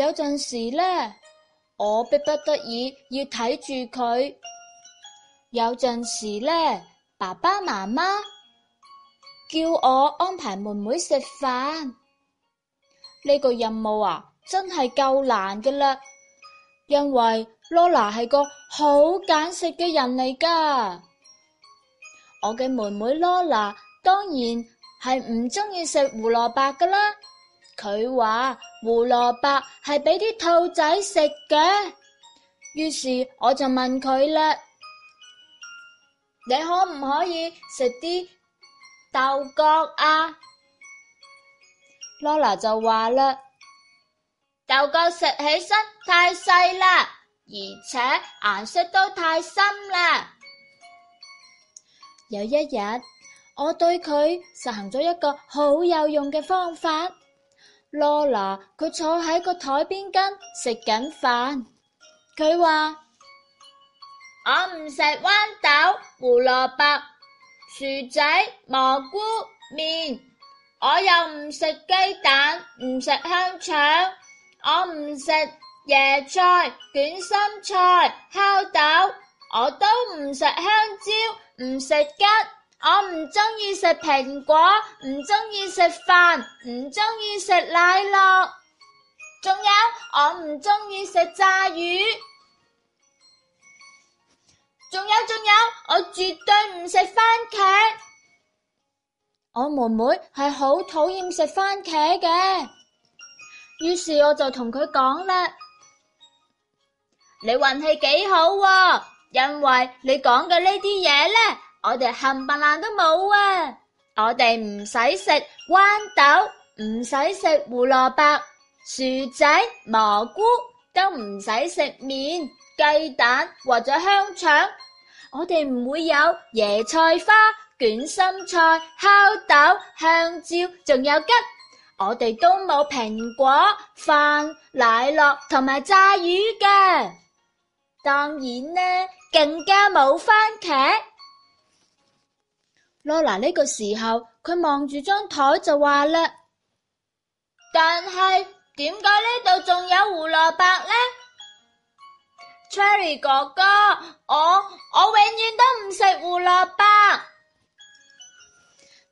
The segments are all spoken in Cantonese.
有陣時呢，我迫不得已要睇住佢；有陣時呢，爸爸媽媽叫我安排妹妹食飯。呢個任務啊，真係夠難噶啦！因為 Lola 係個好揀食嘅人嚟噶，我嘅妹妹 Lola 當然係唔中意食胡蘿蔔噶啦。佢話胡蘿蔔係俾啲兔仔食嘅，於是我就問佢啦：你可唔可以食啲豆角啊？Lola 就話啦，豆角食起身太細啦，而且顏色都太深啦。有一日，我對佢實行咗一個好有用嘅方法。Lola 佢坐喺個台邊跟食緊飯，佢話：我唔食豌豆、胡蘿卜、薯仔、蘑菇、面，我又唔食雞蛋，唔食香腸，我唔食椰菜、捲心菜、烤豆，我都唔食香蕉，唔食吉。我唔鍾意食蘋果，唔鍾意食飯，唔鍾意食奶酪，仲有我唔鍾意食炸魚，仲有仲有我絕對唔食番茄。我妹妹係好討厭食番茄嘅，於是我就同佢講啦：你運氣幾好喎，因為你講嘅呢啲嘢呢。」我哋冚唪唥都冇啊！我哋唔使食豌豆，唔使食胡蘿蔔、薯仔、蘑菇，都唔使食麵、雞蛋或者香腸。我哋唔會有椰菜花、捲心菜、烤豆、香蕉，仲有桔。我哋都冇蘋果、飯、奶酪同埋炸魚㗎。當然呢，更加冇番茄。羅娜呢個時候，佢望住張台就話啦：，但係點解呢度仲有胡蘿蔔呢？Cherry 哥，哥哥，我我永遠都唔食胡蘿蔔。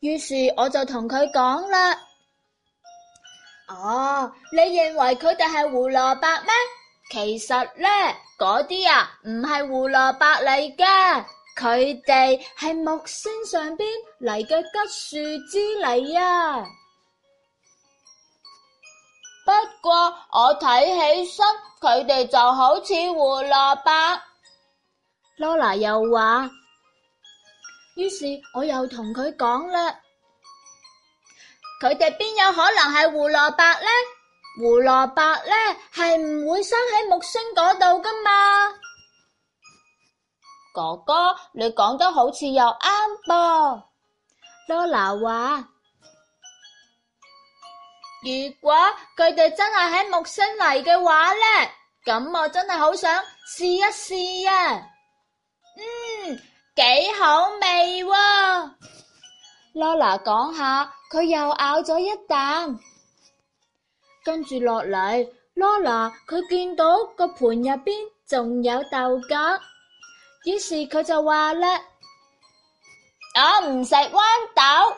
於是我就同佢講啦：，哦，你認為佢哋係胡蘿蔔咩？其實呢，嗰啲啊唔係胡蘿蔔嚟㗎。佢哋係木星上邊嚟嘅橘樹枝嚟啊！不過我睇起身，佢哋就好似胡蘿蔔。羅拉又話，於是我又同佢講啦：，佢哋邊有可能係胡蘿蔔呢？胡蘿蔔呢係唔會生喺木星嗰度噶嘛？哥哥，你講得好似又啱噃。Lola 話：如果佢哋真係喺木星嚟嘅話呢，咁我真係好想試一試啊！嗯，幾好味喎啊。Lola 講下，佢又咬咗一啖，跟住落嚟，Lola 佢見到個盤入邊仲有豆莢。於是佢就話啦：我唔食豌豆。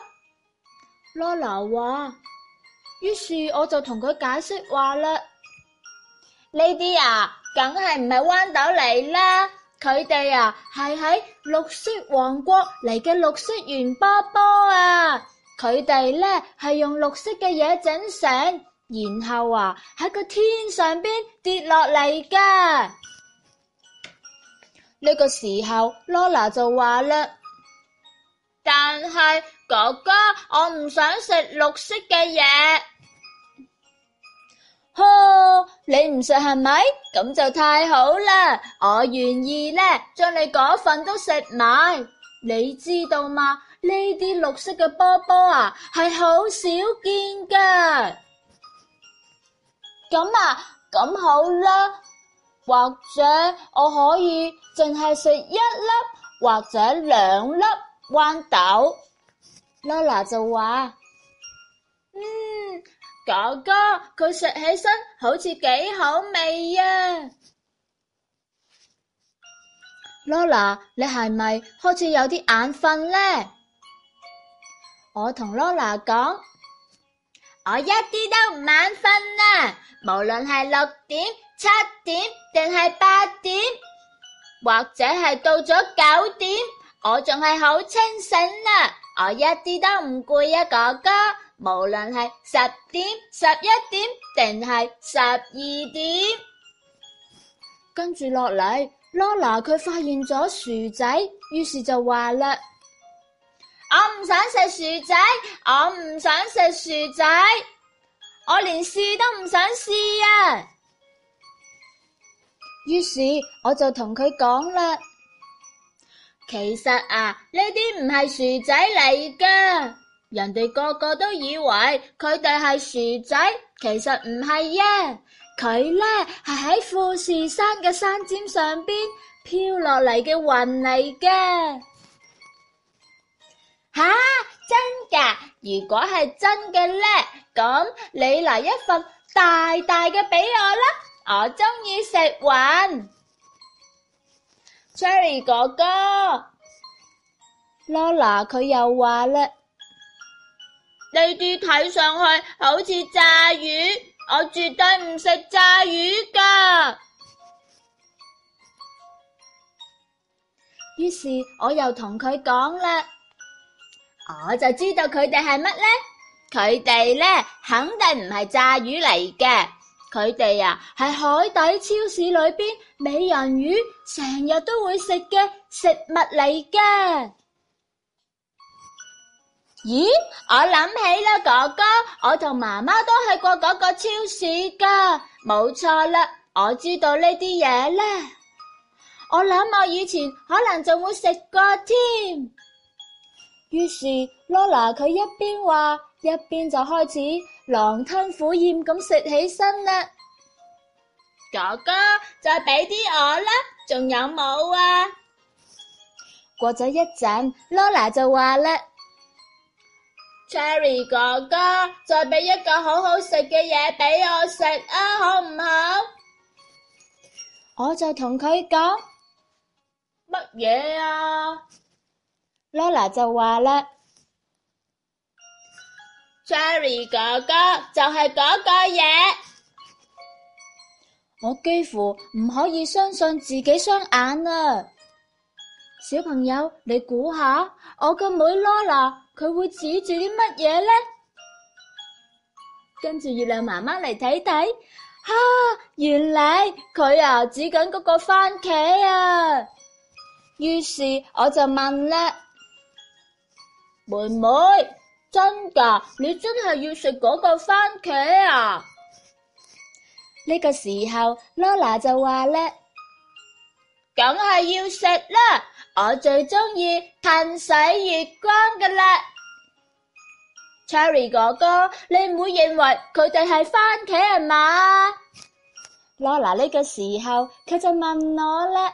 羅拉話，於是我就同佢解釋話啦：呢啲啊，梗係唔係豌豆嚟啦，佢哋啊係喺綠色王國嚟嘅綠色圓波波啊，佢哋咧係用綠色嘅嘢整成，然後啊喺個天上邊跌落嚟噶。呢個時候，羅娜就話啦：但係哥哥，我唔想食綠色嘅嘢。呵、哦，你唔食係咪？咁就太好啦！我願意呢，將你嗰份都食埋。你知道嗎？呢啲綠色嘅波波啊，係好少見噶。咁啊，咁好啦。或者我可以淨係食一粒或者兩粒豌豆。Lola 就話：嗯，哥哥佢食起身好似幾好味啊。Lola，你係咪開始有啲眼瞓咧？我同 Lola 講：我一啲都唔眼瞓啦，無論係六點，七點定係八點，或者係到咗九點，我仲係好清醒啊！我一啲都唔攰啊，哥哥。無論係十點、十一點定係十二點，跟住落嚟，Lola 佢發現咗薯仔，於是就話啦：我唔想食薯仔，我唔想食薯仔，我連試都唔想試啊！於是我就同佢講啦，其實啊，呢啲唔係薯仔嚟噶，人哋個個都以為佢哋係薯仔，其實唔係啊，佢咧係喺富士山嘅山尖上邊飄落嚟嘅雲嚟嘅。吓，真噶？如果係真嘅咧，咁你嚟一份大大嘅俾我啦。我中意食雲，Charlie 哥哥，Lola 佢又話咧，呢啲睇上去好似炸魚，我絕對唔食炸魚噶。於是我又同佢講啦，我就知道佢哋係乜呢，佢哋咧肯定唔係炸魚嚟嘅。佢哋啊，係海底超市裏邊美人魚成日都會食嘅食物嚟嘅。咦，我諗起啦，哥哥，我同媽媽都去過嗰個超市噶，冇錯啦，我知道呢啲嘢咧。我諗我以前可能就會食過添。於是 Lola 佢一邊話。一邊就開始狼吞虎咽咁食起身啦，哥哥，再俾啲我啦，仲有冇啊？過咗一陣，Lola 就話啦，Cherry 哥哥，再俾一個好好食嘅嘢俾我食啊，好唔好？我就同佢講，乜嘢啊？Lola 就話啦。Sorry，哥哥就係嗰個嘢。我幾乎唔可以相信自己雙眼啊！小朋友，你估下，我個妹 Lola 佢會指住啲乜嘢呢？跟住月亮媽媽嚟睇睇，哈，原來佢啊指緊嗰個番茄啊！於是我就問咧，妹妹。真噶，你真係要食嗰個番茄啊！呢個時候，Lola 就話咧，梗係要食啦，我最中意噴水月光噶啦。Cherry 哥哥，你唔會認為佢哋係番茄啊嘛？Lola 呢個時候，佢就問我咧。